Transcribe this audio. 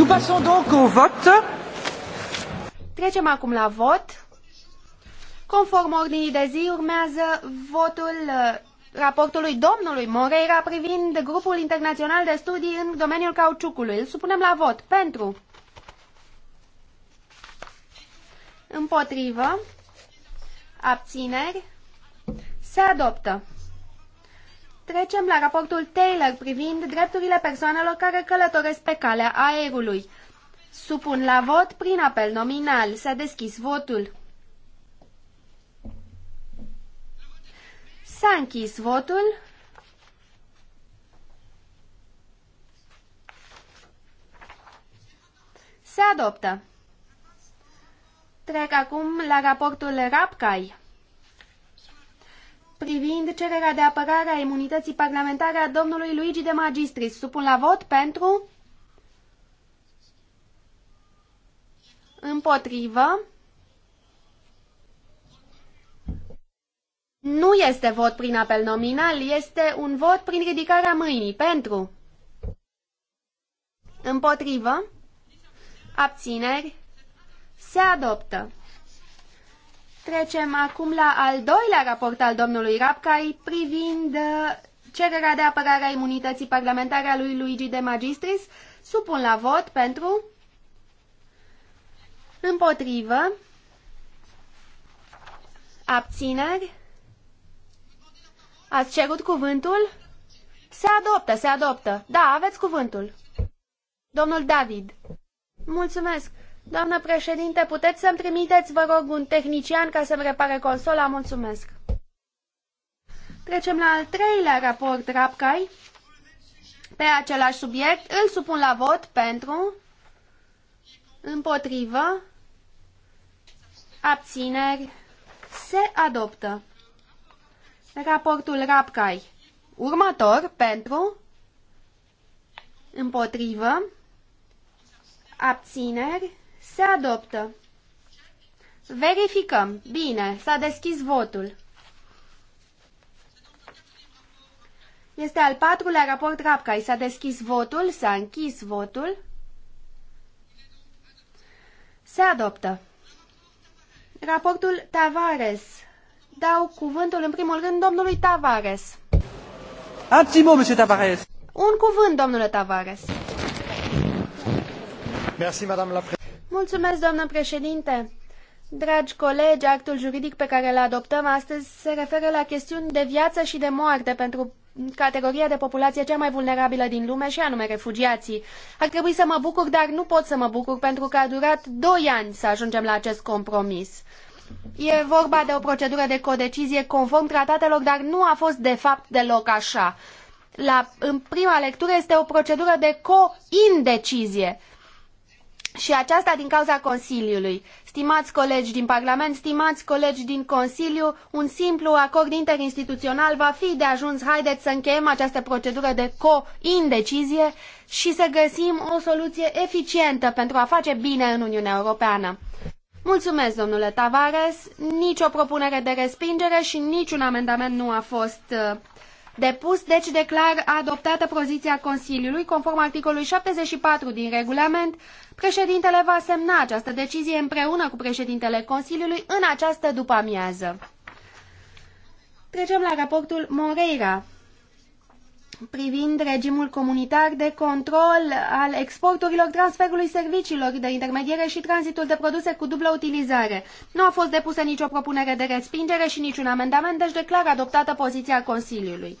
Nous passons donc au vote. Trecem acum la vot. Conform ordinii de zi, urmează votul uh, raportului domnului Moreira privind grupul internațional de studii în domeniul cauciucului. Îl supunem la vot. Pentru. Împotrivă. Abțineri. Se adoptă. Trecem la raportul Taylor privind drepturile persoanelor care călătoresc pe calea aerului. Supun la vot prin apel nominal. S-a deschis votul. S-a închis votul. Se adoptă. Trec acum la raportul Rapcai privind cererea de apărare a imunității parlamentare a domnului Luigi de Magistris. Supun la vot pentru... Împotrivă. Nu este vot prin apel nominal, este un vot prin ridicarea mâinii. Pentru. Împotrivă. Abțineri. Se adoptă. Trecem acum la al doilea raport al domnului Rapcai privind uh, cererea de apărare a imunității parlamentare a lui Luigi de Magistris. Supun la vot pentru împotrivă abțineri. Ați cerut cuvântul? Se adoptă, se adoptă. Da, aveți cuvântul. Domnul David. Mulțumesc. Doamnă președinte, puteți să-mi trimiteți, vă rog, un tehnician ca să-mi repare consola? Mulțumesc. Trecem la al treilea raport, Rapcai. Pe același subiect, îl supun la vot pentru, împotrivă, abțineri, se adoptă. Raportul Rapcai. Următor, pentru, împotrivă, abțineri, se adoptă. Verificăm. Bine, s-a deschis votul. Este al patrulea raport Rapcai. S-a deschis votul, s-a închis votul. Se adoptă. Raportul Tavares. Dau cuvântul în primul rând domnului Tavares. Un petit mot, monsieur Tavares. Un cuvânt, domnule Tavares. Merci, madame la Mulțumesc, doamnă președinte. Dragi colegi, actul juridic pe care îl adoptăm astăzi se referă la chestiuni de viață și de moarte pentru categoria de populație cea mai vulnerabilă din lume și anume refugiații. Ar trebui să mă bucur, dar nu pot să mă bucur pentru că a durat doi ani să ajungem la acest compromis. E vorba de o procedură de codecizie conform tratatelor, dar nu a fost de fapt deloc așa. La, în prima lectură este o procedură de co-indecizie și aceasta din cauza Consiliului. Stimați colegi din Parlament, stimați colegi din Consiliu, un simplu acord interinstituțional va fi de ajuns. Haideți să încheiem această procedură de co-indecizie și să găsim o soluție eficientă pentru a face bine în Uniunea Europeană. Mulțumesc, domnule Tavares. Nici o propunere de respingere și niciun amendament nu a fost uh, depus, deci declar adoptată poziția Consiliului, conform articolului 74 din regulament. Președintele va semna această decizie împreună cu președintele Consiliului în această după-amiază. Trecem la raportul Moreira privind regimul comunitar de control al exporturilor, transferului serviciilor de intermediere și tranzitul de produse cu dublă utilizare. Nu a fost depusă nicio propunere de respingere și niciun amendament, deci declar adoptată poziția Consiliului.